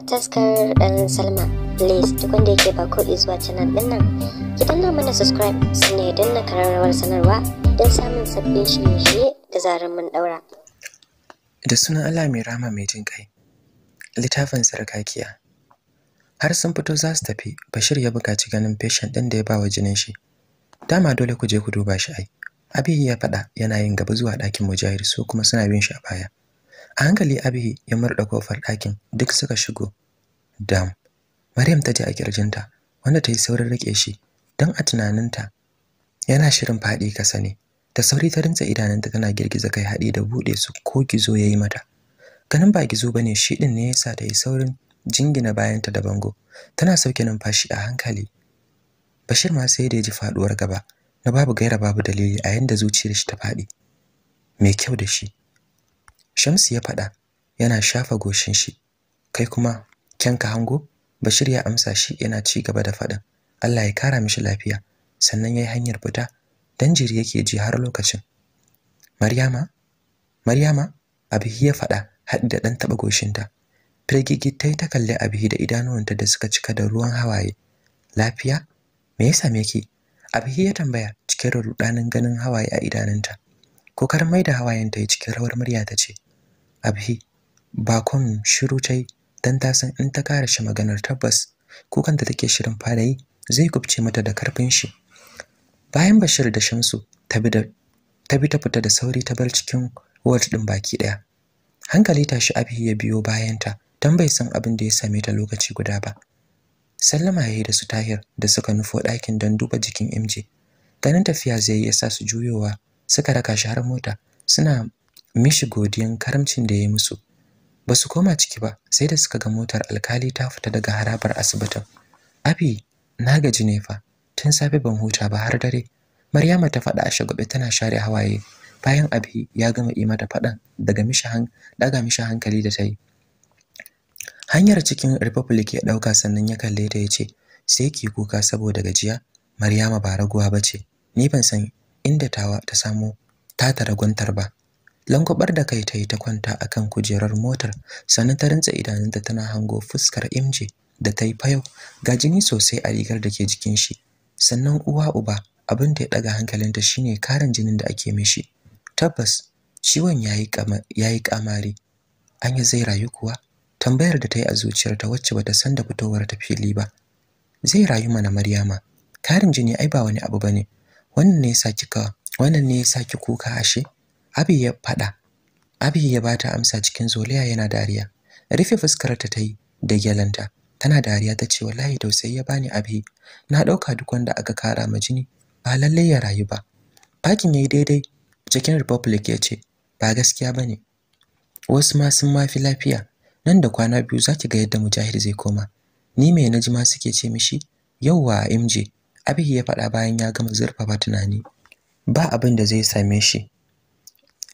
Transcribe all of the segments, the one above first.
taskar dan eh, salma please duk wanda yake ba ko zuwa canal din nan ki danna mana subscribe sannan ya danna kararrawar sanarwa don samun sabbin shirye-shirye da zarar mun daura da sunan Allah mai rama mai jin kai littafin sarkakiya har sun fito za su tafi bashir ya bukaci ganin patient ɗin da ya bawa jinin shi dama dole ku je ku duba shi ai abi ya faɗa yana yin gaba zuwa ɗakin mujahid su kuma suna bin shi a baya a hankali Abihi ya murda kofar ɗakin duk suka shigo dam maryam ta je a kirjinta wanda ta yi saurin rike shi don a tunaninta yana shirin faɗi kasa ne da sauri ta rinsa idanunta tana girgiza kai haɗi da buɗe su ko gizo ya yi mata ganin ba gizo ba ne shi ɗin ne ya sa ta yi saurin jingina bayanta da bango tana sauke numfashi a hankali bashir ma sai da ya ji faɗuwar gaba na babu gaira babu dalili a yanda zuciyar shi ta faɗi mai kyau da shi Shamsu ya faɗa yana shafa goshin shi. Kai kuma kyanka hango? Bashir ya amsa shi yana ci gaba da faɗin. Allah ya kara mishi lafiya. Sannan yayi hanyar fita dan jiri yake ji har lokacin. Maryama? Maryama? Abihi ya faɗa haɗi da ɗan taɓa goshinta. Firgigi ta yi ta kalli Abihi da idanuwanta da suka cika da ruwan hawaye. Lafiya? Me ya same ki? Abihi ya tambaya cikin rudanin ganin hawaye a idanunta. kokar mai da hawayen ta cikin rawar murya ta ce abhi ba kun shiru tai dan ta san in ta kara shi maganar tabbas kukan da take shirin fara yi zai kubce mata da karfin shi bayan bashir da shamsu ta bi ta fita da sauri ta bar cikin ward din baki daya hankali ta shi abhi ya biyo bayanta dan bai san abin da ya same ta lokaci guda ba sallama ya yi da su tahir da suka nufo ɗakin don duba jikin mj ganin tafiya zai yi sa su juyowa suka raka shi har mota suna mishi godiyan karamcin da ya yi musu ba su koma ciki ba sai da suka ga motar alkali ta fita daga harabar asibitin abi na gaji ne fa tun safe ban huta ba har dare maryama ta faɗa a shagwabe tana share hawaye bayan abi ya gama yi mata faɗan daga mishi daga mishi hankali da ta yi hanyar cikin republic ya ɗauka sannan ya kalle ta ya ce sai ki kuka saboda gajiya maryama ba raguwa ba ce ni ban san inda tawa ta samu ta tara ba lankwabar da kai ta yi ta kwanta akan kujerar motar sannan ta rintsa idanunta tana hango fuskar imji da ta yi fayo ga jini sosai a rigar da ke jikin shi sannan uwa uba abin da ya daga hankalinta shine karin jinin da ake mishi tabbas ciwon ya yi kamari an anya zai rayu kuwa tambayar da ta yi a zuciyarta wacce bata san da fitowar ta fili ba zai rayu mana maryama karin jini ai ba wani abu bane wannan ne yasa kika wannan ne yasa ki kuka ashe abi ya fada abi ya bata amsa cikin zoliya yana dariya rufe fuskar ta yi da gyalanta tana dariya ta ce wallahi sai ya bani abi na dauka duk wanda aka kara ma jini ba lalle ya rayu ba bakin yayi daidai cikin republic ya ce ba gaskiya bane wasu ma sun mafi lafiya nan da kwana biyu zaki ga yadda mujahid zai koma ni mai naji ma suke ce mishi yauwa MJ Abihi ya faɗa bayan ya gama zurfafa tunani. Ba abin da zai same shi.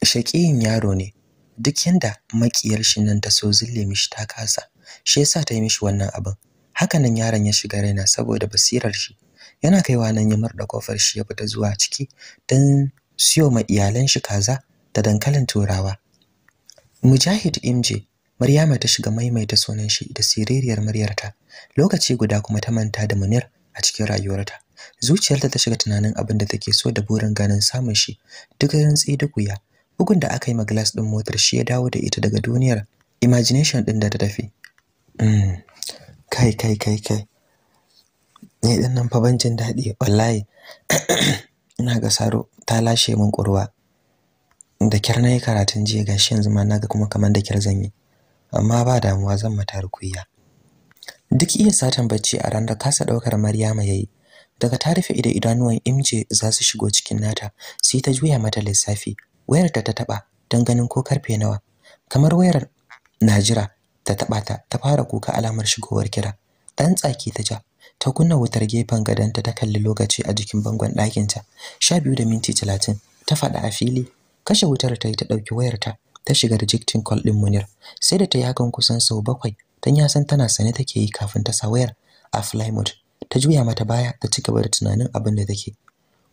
Shaƙiyin yaro ne, duk yanda makiyar shi nan ta so zille mishi ta kasa, shi yasa ta yi mishi wannan abin. Hakanan yaron ya shiga raina saboda basirar shi. Yana kaiwa nan ya murda kofar shi ya fita zuwa ciki don siyo ma iyalan shi kaza da dankalin turawa. Mujahid Imje Maryama ta shiga maimaita sunan shi da siririyar muryarta. Lokaci guda kuma ta manta da Munir a cikin rayuwarta zuciyarta ta shiga tunanin abin da take so da burin ganin samun shi duk rantsi da kuya bugun da aka yi ma glass din motar shi ya dawo da ita daga duniyar imagination din da ta tafi mm. kai kai kai kai ne din nan fa banjin daɗi wallahi ina ga saro ta lashe min kurwa da kyar na karatun jiya gashi yanzu ma naga kuma kamar da kyar zan yi amma ba damuwa zan mata rukuya duk iya satan bacci a ran da kasa daukar Maryama yayi daga ta rufe ido idanuwan imje za su shigo cikin nata sai ta juya mata lissafi wayar ta ta taba don ganin ko karfe nawa kamar wayar Najira ta taba ta ta fara kuka alamar shigowar kira dan tsaki ta ja ta kunna wutar gefen gadonta ta kalli lokaci a jikin bangon ɗakinta sha biyu da minti talatin ta faɗa a fili kashe wutar ta yi ta ɗauki wayarta ta shiga rejectin call din munir sai da ta yi hakan kusan sau bakwai don ya san tana sane take yi kafin ta sa wayar a mode ta juya mata baya ta ci gaba da tunanin abin da take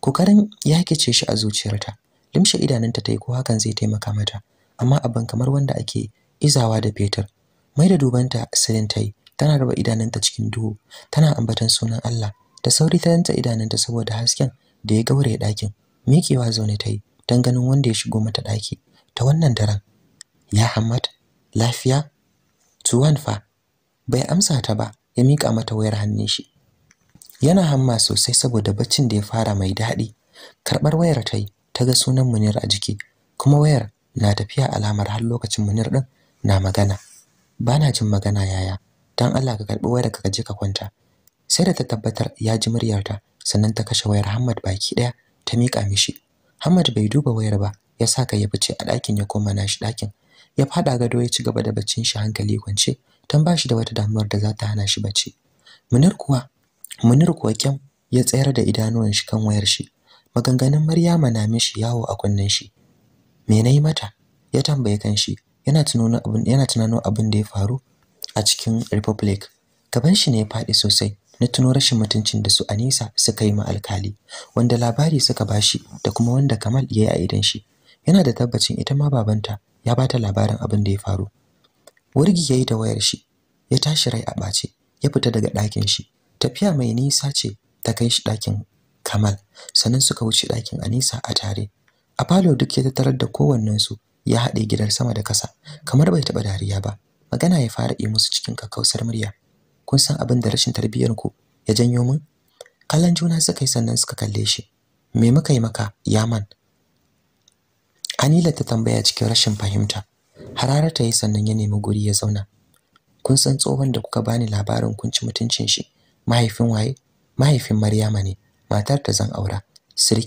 kokarin ya kice shi a zuciyarta limshe idanunta ta yi ko hakan zai taimaka mata amma abin kamar wanda ake izawa da fetur mai da dubanta silin ta yi tana raba idanunta cikin duhu tana ambatan sunan Allah da sauri ta ranta idanunta saboda hasken da ya gaure ɗakin miƙewa zaune ta yi don ganin wanda ya shigo mata daki, ta wannan daren ya hammata. lafiya Tuwan fa bai amsa ta ba ya mika mata wayar hannun shi yana hamma sosai saboda baccin da ya fara mai daɗi karɓar wayar ta yi ta ga sunan munir a jiki kuma wayar na tafiya alamar har lokacin munir ɗin na magana Bana jin magana yaya don allah ka karɓi wayar ka je ka kwanta sai da ta tabbatar ya ji muryarta sannan ta kashe wayar hamad baki ɗaya ta miƙa mishi hamad bai duba wayar ba ya saka ya fice a ɗakin ya koma nashi ɗakin ya faɗa gado ya ci gaba da baccin shi hankali kwance don ba shi da wata damuwar da za ta hana shi bacci munir kuwa munir kuwa kyan ya tsayar da idanuwan shi kan wayar shi maganganun maryama na mishi yawo a kunnen shi me nayi mata ya tambaye kan shi yana tunanin abin yana tunanin abin da ya faru a cikin republic gaban shi ne ya faɗi sosai na tuno rashin mutuncin da su Anisa suka yi ma alkali wanda labari suka bashi da kuma wanda Kamal ya yi a idan shi yana da tabbacin ita ma babanta ya bata labarin abin da ya faru wurgi yi da wayar shi ya tashi rai a ɓace, ya fita daga ɗakin shi tafiya mai nisa ce ta kai shi ɗakin Kamal sannan suka wuce ɗakin Anisa a tare a falo duk ya tattarar da kowannen ya haɗe gidan sama da kasa kamar bai taɓa dariya ba magana ya fara yi musu cikin kakkausar murya kun san abin da rashin tarbiyyar ku ya janyo min kallon juna suka yi sannan suka kalle shi me muka yi maka yaman Anila ta tambaya cikin rashin fahimta Harara ta yi sannan ya nemi guri ya zauna. Kun san tsohon da kuka bani labarin kun ci mutuncin shi, mahaifin waye? Mahaifin Maryama ne, matar da zan aura.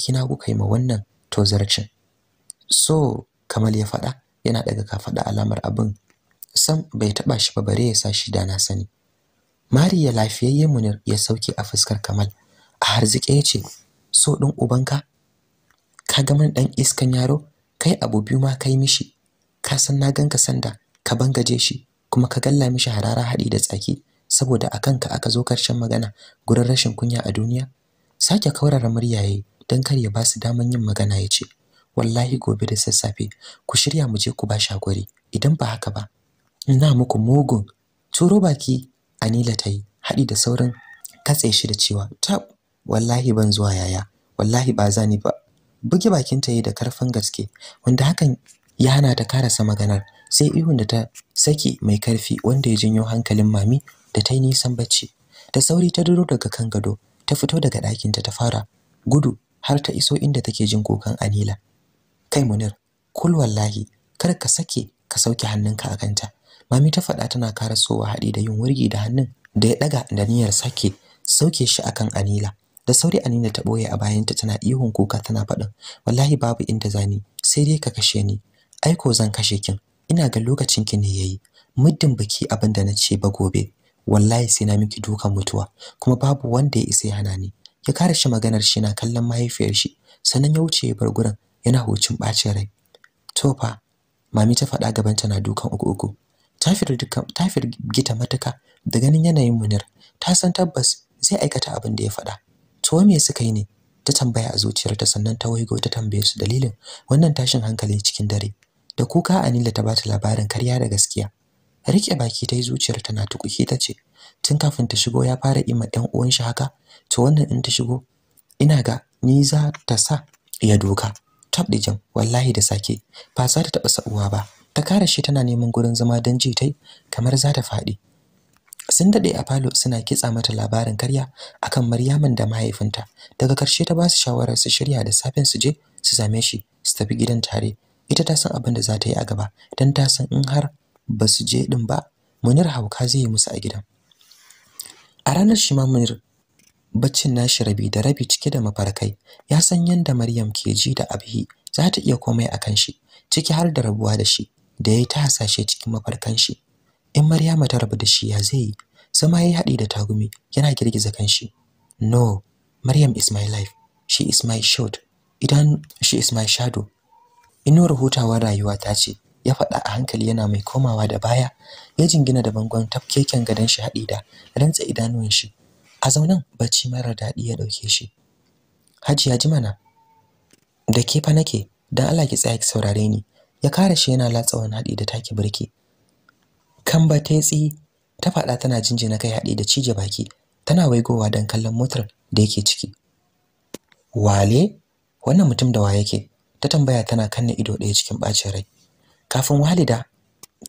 na kuka yi ma wannan zarcin So, Kamal ya faɗa, yana daga kafaɗa alamar abin. Sam bai taɓa shi ba bare ya sa shi da na sani. Mariya lafiyayye Munir ya sauke a fuskar Kamal. A harzike ya ce, So ɗin ubanka? Ka ga mun ɗan iskan yaro? Kai abu biyu ma kai mishi. ka san na ganka sanda ka bangaje shi kuma ka galla mishi harara haɗi da tsaki saboda akan ka aka zo karshen magana gurin rashin kunya a duniya sake kaurara muryaye dan kar ya ba su daman yin magana ya ce wallahi gobe da sassafe ku shirya mu je ku ba shagwari idan ba haka ba ina muku mugun turo baki anila ta yi haɗi da saurin katse shi da cewa ta. wallahi ban zuwa yaya wallahi ba zani ba buge bakinta yi da karfin gaske wanda hakan ya hana ta karasa maganar sai ihun da ta saki mai karfi wanda ya janyo hankalin mami da ta yi nisan bacci da sauri ta duro daga kan gado ta fito daga ɗakinta ta fara gudu har ta iso inda take jin kukan anila kai munir kul wallahi kar ka sake ka sauke hannunka a kanta mami ta faɗa tana karasowa haɗi da yin wurgi da hannun da ya ɗaga da niyyar sake sauke shi akan anila da sauri anila ta ɓoye a bayanta tana ihun kuka tana faɗin wallahi babu inda zani sai dai ka kashe ni aiko zan kashe kin ina ga lokacin ki ne yayi muddin baki abin da nace ba gobe wallahi sai na miki dukan mutuwa kuma babu wanda ya isa ya hana ni ya kare shi maganar shi na kallon mahaifiyar shi sannan ya wuce ya bar gurin yana hocin bacin rai to mami ta faɗa gaban ta na dukan uku uku ta dukan ta gita matuka da ganin yanayin munir ta san tabbas zai aikata abin da ya faɗa to me suka yi ne ta tambaya a zuciyarta sannan ta waigo ta tambaye su dalilin wannan tashin hankali cikin dare da kuka Anila ta bata labarin karya da gaskiya rike baki ta yi zuciyar tana tukuki ta ce tun kafin ta shigo ya fara ima ɗan uwan shi haka to wannan in ta shigo ina ga ni za ta sa ya doka tab jam wallahi da sake ba za ta taɓa sa'uwa ba ta kare shi tana neman gurin zama don ji tai kamar za ta faɗi sun daɗe a falo suna kitsa mata labarin karya akan Maryaman da mahaifinta daga ƙarshe ta ba su shawarar su shirya da safen su je su same shi su tafi gidan tare ita ta san abin da za ta yi a gaba dan ta san in har ba su je din ba munir hauka zai yi musu a gidan a ranar shi ma munir baccin nashi rabi da rabi cike da mafarkai ya san yadda maryam ke ji da abhi za ta iya komai a kan shi ciki har da rabuwa da shi da ya ta hasashe cikin mafarkan shi in maryama ta rabu da shi ya zai yi zama ya haɗi da tagumi yana girgiza kan shi no maryam is my life she is my shot idan she is my shadow inuwar hutawa rayuwa ta ce ya faɗa a hankali yana mai komawa da baya ya jingina da bangon tafkeken gadon shi haɗi da rantsa idanuwan shi a zaunan bacci marar daɗi ya ɗauke shi hajiya ji mana da ke fa nake don Allah ki tsaya ki saurare ni ya kare shi yana latsa wani haɗi da take birki kan ba ta faɗa tana jinjina kai haɗi da cije baki tana waigowa don kallon motar da yake ciki wale wannan mutum da wa yake ta tambaya tana kanna ido ɗaya cikin ɓacin rai kafin walida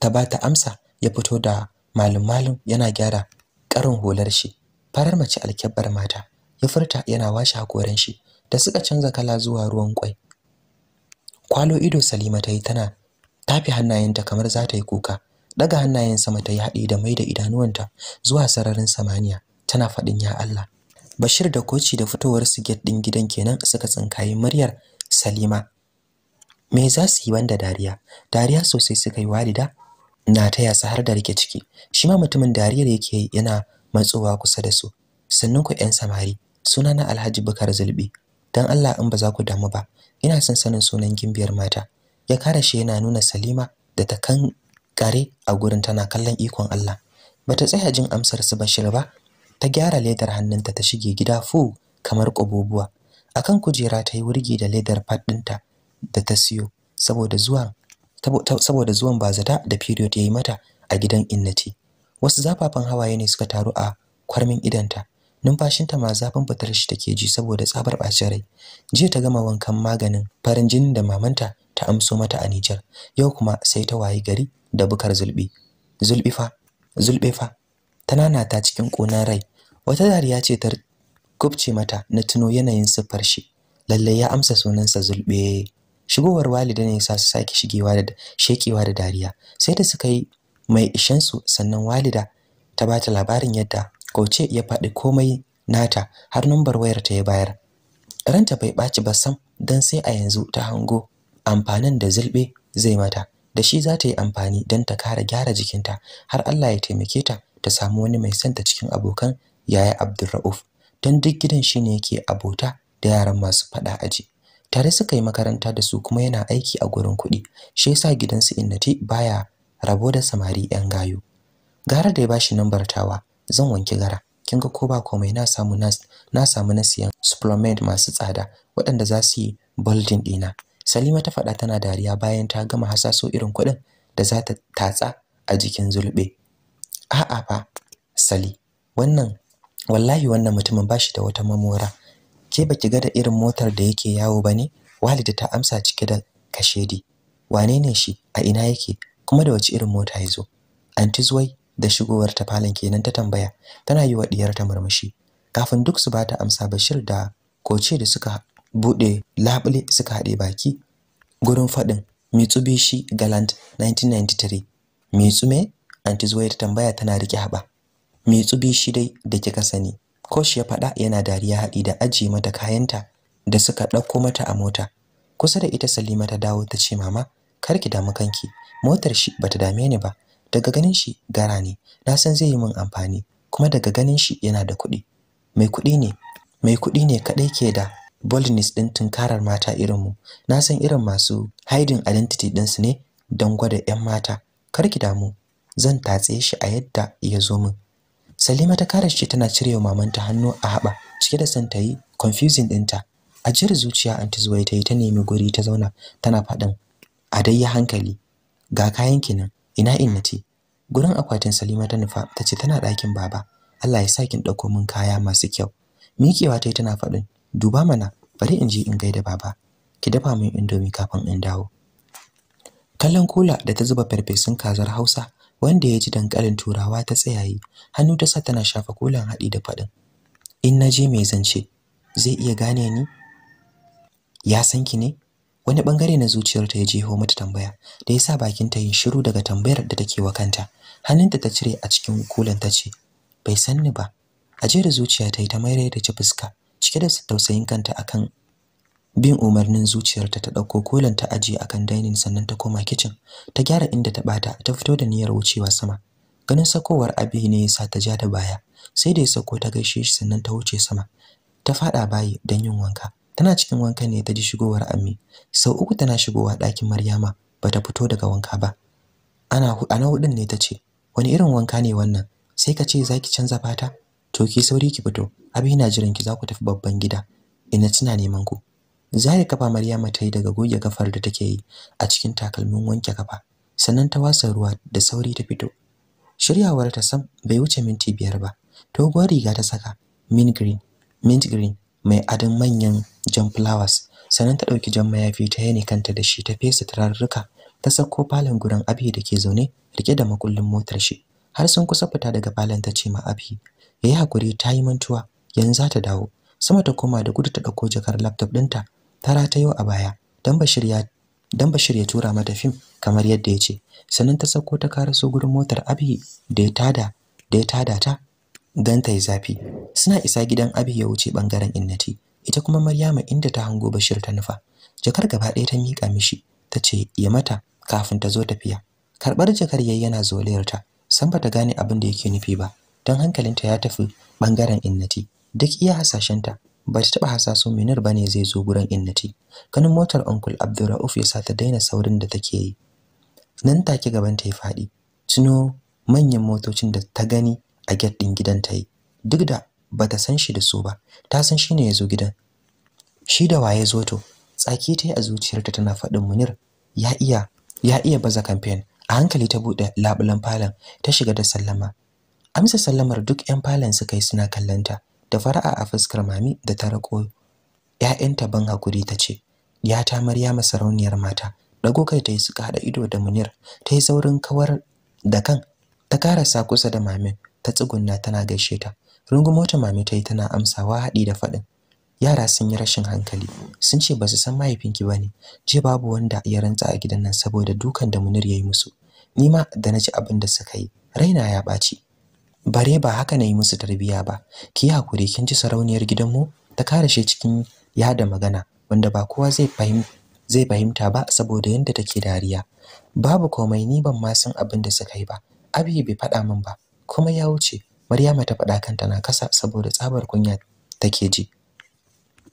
ta ba ta amsa ya fito da malum malum yana gyara karin hular shi farar mace alkyabbar mata ya furta yana washe hakoran shi da suka canza kala zuwa ruwan kwai kwalo ido salima ta yi tana tafi hannayenta kamar za ta yi kuka daga hannayen sama ta yi haɗi da mai da idanuwanta zuwa sararin samaniya tana faɗin ya Allah Bashir da koci da fitowar su gate din gidan kenan suka tsinkayi muryar Salima me za su yi wanda dariya dariya sosai suka yi walida na taya su har da rike ciki shi ma mutumin dariyar yake yana matsowa kusa da su sannan ku 'yan samari suna na Alhaji Bukar Zulbi dan Allah in ba za ku damu ba ina son sanin sunan gimbiyar mata ya kare shi yana nuna Salima da ta kan kare a gurin tana kallon ikon Allah bata tsaya jin amsar su Bashir ba ta gyara ledar hannunta ta shige gida fu kamar kububuwa akan kujera ta yi wurgi da ledar fat ɗinta da ta siyo saboda zuwan saboda zuwan bazata da period yayi mata a gidan innati wasu zafafan hawaye ne suka taru a kwarmin idanta numfashinta ma zafin fitar shi take ji saboda tsabar bacin rai jiya ta gama wankan maganin farin jinin da mamanta ta amso mata a Nijar yau kuma sai ta wayi gari da bukar zulbi zulbi fa zulbe fa ta cikin konan rai wata dariya ce ta kubce mata na tuno yanayin siffar shi lalle ya amsa sunansa zulbe shigowar walida ne sa su sake shigewa da shekewa da dariya sai da suka yi mai ishen su sannan walida ta ba ta labarin yadda kauce ya faɗi komai nata har nambar wayar ta ya bayar ranta bai ɓaci ba sam don sai a yanzu ta hango amfanin da zulɓe zai mata da shi za ta yi amfani don ta kara gyara jikinta har Allah ya taimake ta ta samu wani mai santa cikin abokan yaya Abdulrauf don duk gidan shi ne yake abota da yaran masu faɗa aji tare suka yi makaranta da su kuma yana aiki a gurin kuɗi shi yasa gidansu innati baya rabo da samari yan gayu. gara da ya bashi nambar tawa zan wanki gara kin ga ko ba komai na samu nas na samu na siyan supplement masu tsada waɗanda za su yi bulding ɗina Salima ta faɗa tana dariya bayan ta gama hasaso irin kuɗin da za ta tatsa a jikin zulbe a'a fa sali wannan wallahi wannan mutumin bashi da wata mamora ke baki ga da irin motar da yake yawo ba ne walida ta amsa cike da kashedi wane ne shi a ina yake kuma da wace irin mota ya zo anti zuwai da shigowar ta falon kenan ta tambaya tana yi wa diyar ta murmushi kafin duk su bata amsa bashir da koce da suka buɗe labule suka haɗe baki gurin faɗin mitsubishi galant 1993 mitsume anti zuwai ta tambaya tana rike haɓa mitsubishi dai da kika sani Kosh ya faɗa yana dariya haɗi da ajiye mata kayanta da suka ɗauko mata a mota. Kusa da ita Salima ta dawo ta ce mama, kar ki damu kanki, motar shi bata dame ni ba. Daga ganin shi gara ne, na san zai yi min amfani, kuma daga ganin shi yana da kuɗi. Mai kuɗi ne, mai kuɗi ne kaɗai ke da boldness ɗin tunkarar mata irinmu. Na san irin masu hiding identity ɗinsu ne don gwada 'yan mata. Kar ki damu, zan tatse shi a yadda ya zo min. Salima ta kare shi tana cire wa mamanta hannu a haɓa cike da son ta yi dinta. ɗinta. Ajiyar zuciya anti zuwai ta yi ta nemi guri ta zauna tana faɗin a dai hankali ga kayan kinan ina inna gurin akwatin Salima ta nufa ta ce tana ɗakin baba Allah ya sa kin ɗauko min kaya masu kyau mikewa ta yi tana faɗin duba mana bari in je in gaida baba ki dafa min indomi kafin in dawo kallon kula da ta zuba farfesun kazar Hausa wanda ya ji dankalin turawa ta tsayaye hannu ta sa tana shafa kulan haɗi da faɗin in na je mai zance zai iya gane ni ya san ki ne wani bangare na zuciyarta ya jeho mata tambaya da ya sa ta yin shiru daga tambayar da take wa kanta hannunta ta cire a cikin kulan ta ce bai san ni ba a da zuciya ta yi ta mayar da ci fuska cike da tausayin kanta akan bin umarnin zuciyarta ta ɗauko kolan ta ajiye akan dining sannan ta koma kitchen ta gyara inda ta bata ta fito da niyyar wucewa sama ganin sakowar abi ne yasa ta ja da baya sai da ya sako ta gaishe shi sannan ta wuce sama ta fada bayi dan yin wanka tana cikin wanka ne ta ji shigowar ammi sau uku tana shigowa ɗakin maryama bata fito daga wanka ba ana ana hudin ne ta ce wani irin wanka ne wannan sai ka ce zaki canza fata to ki sauri ki fito abi na jiran ki za ku tafi babban gida ina tana neman ku zai kafa Maryama ta yi daga goge gafar da take yi a cikin takalmin wanke kafa sannan ta wasa ruwa da sauri ta fito shiryawar ta sam bai wuce minti biyar ba toguwar riga ta saka mint green mint green mai adon manyan jan flowers sannan ta ɗauki jan mayafi ta ne kanta da shi ta fesa turarruka ta sako falon gurin abi da ke zaune rike da makullin motar shi har sun kusa fita daga falon ta ce ma abi yayi hakuri ta yi mantuwa yanzu za ta dawo sama ta koma da gudu ta ɗauko jakar laptop ɗinta ta yau a baya don Bashir ya tura mata fim kamar yadda ya ce sannan ta sako ta karaso gurin motar Abi da ya tada da ya ta Don ta yi zafi suna isa gidan Abi ya wuce bangaren Innati ita kuma Maryama inda ta hango Bashir ta nufa jakar gaba ɗaya ta miƙa mishi ta ce ya mata kafin ta zo tafiya Karɓar jakar yayi yana zolayar ta san ta gane abin da yake nufi ba Don hankalinta ya tafi bangaren Innati duk iya hasashenta ba ta taɓa hasaso Munir ba ne zai zo gurin innati. Ganin motar Uncle abdurrauf ya sa ta daina saurin da take yi. Nan take gaban ta ya faɗi. Tuno manyan motocin da ta gani a gate ɗin gidan ta yi. Duk da bata san shi da su ba, ta san shi ne ya zo gidan. Shi da waye zo to, tsaki ta yi a zuciyarta tana faɗin Munir ya iya ya iya baza campaign. A hankali ta buɗe labulan falon ta shiga da sallama. Amsa sallamar duk 'yan falon suka yi suna kallon ta. da fara'a a fuskar mami da ta rako ‘ya'yanta ban hakuri ta ce, ‘yata Maryama sarauniyar mata, ɗago kai ta yi suka haɗa ido da Munir, ta yi saurin kawar da kan, ta karasa kusa da mamin, ta tsugunna tana gaishe ta. Rungumo ta mami ta yi tana amsawa haɗi da faɗin. Yara sun yi rashin hankali, sun ce ba su san mahaifinki ba ne, je babu wanda ya rantsa a gidan nan saboda dukan da Munir ya yi musu. Ni ma da na ji abin da suka yi, raina ya ɓaci. bare ba haka na yi musu tarbiya ba ki yi hakuri kin ji sarauniyar gidanmu ta karashe cikin yada magana wanda ba kowa zai fahimta zai fahimta ba saboda yadda take dariya babu komai ni ban ma san abin da suka yi ba abi bai faɗa min ba kuma ya wuce maryama ta faɗa kanta na kasa saboda tsabar kunya take ji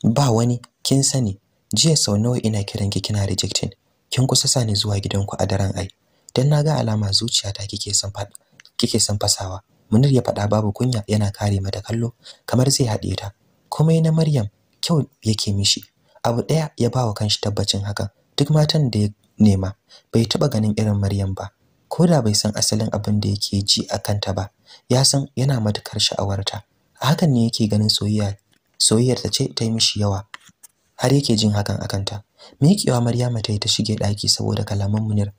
ba wani kin sani jiya sau nawa ina kiran ki kina rejecting kin kusa sani zuwa gidanku a daren ai dan ga alama zuciyata kike san kike san fasawa munir ya faɗa babu kunya yana kare mata kallo kamar zai haɗe ta komai na maryam kyau yake mishi abu ɗaya ya bawa kanshi tabbacin hakan duk matan da ya nema bai taɓa ganin irin maryam ba ko da bai san asalin abin da yake ji a kanta ba ya san yana matukar sha'awarta a hakan ne yake ganin soyayya soyayyar ce ta yi mishi yawa har yake jin hakan a kanta miƙewa maryam ta yi ta shige ɗaki saboda kalaman munir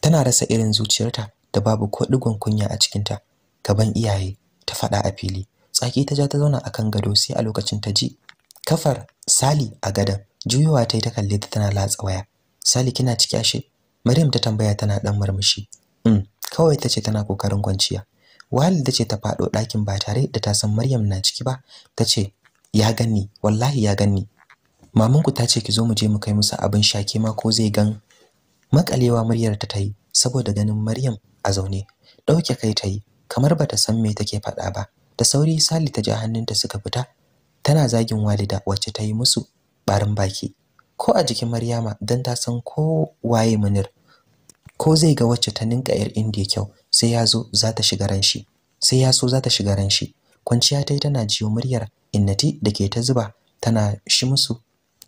tana rasa irin zuciyarta da babu ko digon kunya a cikinta gaban iyaye ta faɗa a fili tsaki ta ja ta zauna akan gado sai a lokacin ta ji kafar Sali a gadon juyowa ta yi ta kalle ta tana latsa waya Sali kina ciki ashe Maryam ta tambaya tana ɗan murmushi um kawai ta ce tana kokarin kwanciya ta ce ta faɗo ɗakin ba tare da ta san Maryam na ciki ba Ta ce, ya ganni wallahi ya ganni mamanku ta ce ki zo mu je mu kai musu abin shake ma ko zai gan makalewa muryar ta yi saboda ganin Maryam a zaune Ɗauke kai ta yi. kamar bata san me take faɗa ba da sauri sali ta ji hannunta suka fita tana zagin Walida wacce ta yi musu barin baki ko a jikin Maryama dan ta san ko waye Munir ko zai ga wacce ta ninka yar indiya kyau sai ya zo za ta shiga ran shi sai ya so za ta shiga ran shi kwanciya tai tana jiyo muryar innati da ke ta zuba tana shi musu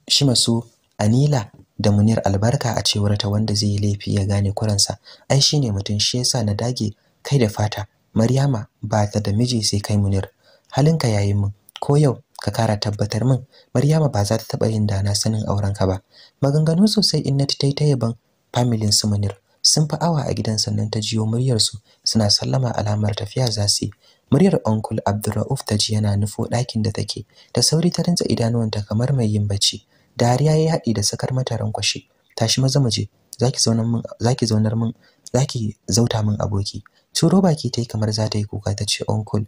shi masu anila da munir albarka a cewar ta wanda zai laifi ya gane kuransa ai shine mutum shi yasa na dage kai da fata Maryama ba ta da miji sai kai Munir. Halinka yayi min. Ko yau ka kara tabbatar min Maryama ba za ta taba yin dana sanin aurenka ba. Maganganu sosai Innati tayi ta yaban familin su Munir. Sun fi awa a gidan sannan ta jiyo muryar su suna sallama alamar tafiya za su yi. Muryar Uncle abdurrauf ta ji yana nufo ɗakin da take. ta sauri ta rantsa idanuwanta kamar mai yin bacci. Dariya ya haɗi da sakar mata rankwashe. Tashi maza mu Zaki zaunar min zaki zaunar min zaki zauta min aboki. Ciro baki ta yi kamar za ta yi kuka ta ce uncle.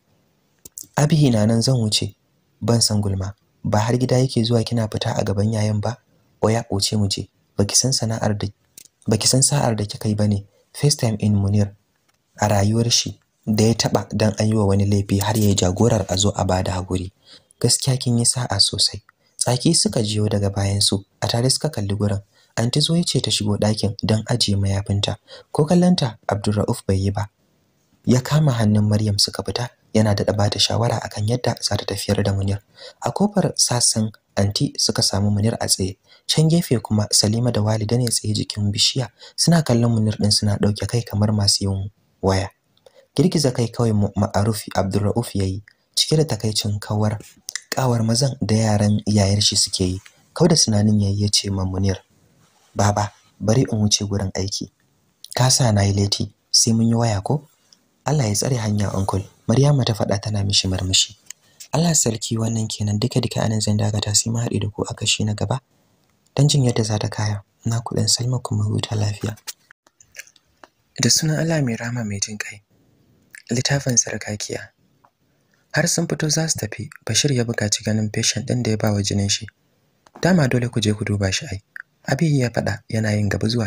Abihi na nan zan wuce. Ban san gulma. Ba har gida yake zuwa kina fita a gaban yayan ba. Oya koce mu je. Baki san sana'ar da baki san sa'ar da kika yi bane. First time in Munir a rayuwar shi da ya taba dan an wa wani laifi har ya jagorar a zo a bada hakuri. Gaskiya kin yi sa'a sosai. Tsaki suka jiyo daga bayan su a tare suka kalli gurin. Anti Zoe ce ta shigo ɗakin don ajiye mayafinta. Ko kallonta Abdulrauf bai yi ba, ya kama hannun Maryam suka fita yana da bata shawara akan yadda za ta tafiyar da Munir. A kofar sassan anti suka samu Munir a tsaye. Can gefe kuma Salima da Walida ne tsaye jikin bishiya suna kallon Munir din suna dauke kai kamar masu yin waya. Girgiza kai kawai Ma'aruf Abdulrauf yayi cike da takaicin kawar kawar mazan da yaran yayar shi suke yi. Kau da sunanin yayi ya ce ma Munir, "Baba, bari in wuce gurin aiki. kasa sa na yi leti, sai mun yi waya ko?" Allah ya tsare hanya uncle Maryama ta faɗa tana mishi marmishi Allah sarki wannan kenan duka duka anan zan ta sai mu haɗi da ku a kashi na gaba dan jin yadda za ta kaya na kuɗin Salma kuma huta lafiya da sunan Allah mai rama mai jin kai litafin sarkakiya har sun fito za su tafi Bashir ya buƙaci ganin patient ɗin da ya bawa jinin shi dama dole ku je ku duba shi ai Abi ya faɗa yana yin gaba zuwa